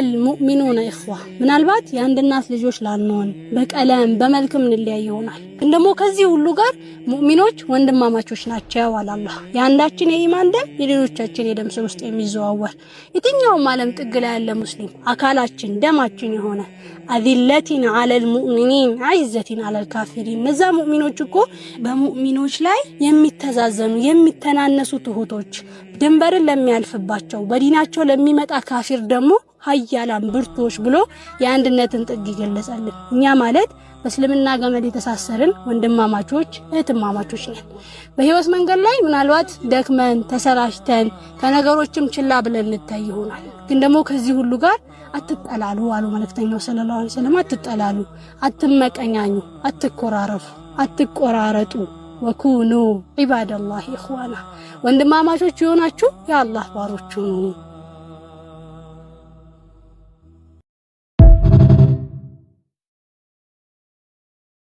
ኢንነመል ሙእሚኑነ ኢኽዋ። ምናልባት የአንድ እናት ልጆች ላንሆን በቀለም በመልክም እንለያይ ይሆናል። ግን ደግሞ ከዚህ ሁሉ ጋር ሙእሚኖች ወንድማማቾች ናቸው አላላህ። የአንዳችን የኢማን ደም የሌሎቻችን የደም ስር ውስጥ የሚዘዋወር የትኛውም ዓለም ጥግ ላይ ያለ ሙስሊም አካላችን ደማችን የሆነ አዚለቲን አለል ሙእሚኒን ዐይዘቲን አለል ካፊሪን። እነዛ ሙእሚኖች እኮ በሙእሚኖች ላይ የሚተዛዘኑ የሚተናነሱ ትሁቶች ድንበርን ለሚያልፍባቸው በዲናቸው ለሚመጣ ካፊር ደግሞ ሀያላን ብርቶች ብሎ የአንድነትን ጥግ ይገለጻልን። እኛ ማለት በእስልምና ገመድ የተሳሰርን ወንድማማቾች እህትማማቾች ነን። በህይወት መንገድ ላይ ምናልባት ደክመን ተሰራጭተን ከነገሮችም ችላ ብለን እንታይ ይሆናል። ግን ደግሞ ከዚህ ሁሉ ጋር አትጠላሉ አሉ መልእክተኛው ሰለላሁ ዐለይሂ ወሰለም። አትጠላሉ፣ አትመቀኛኙ፣ አትኮራረፉ፣ አትቆራረጡ ወኩኑ ዒባደላሂ ኢኽዋና ወንድማማቾች የሆናችሁ የአላህ ባሮች ሁኑ።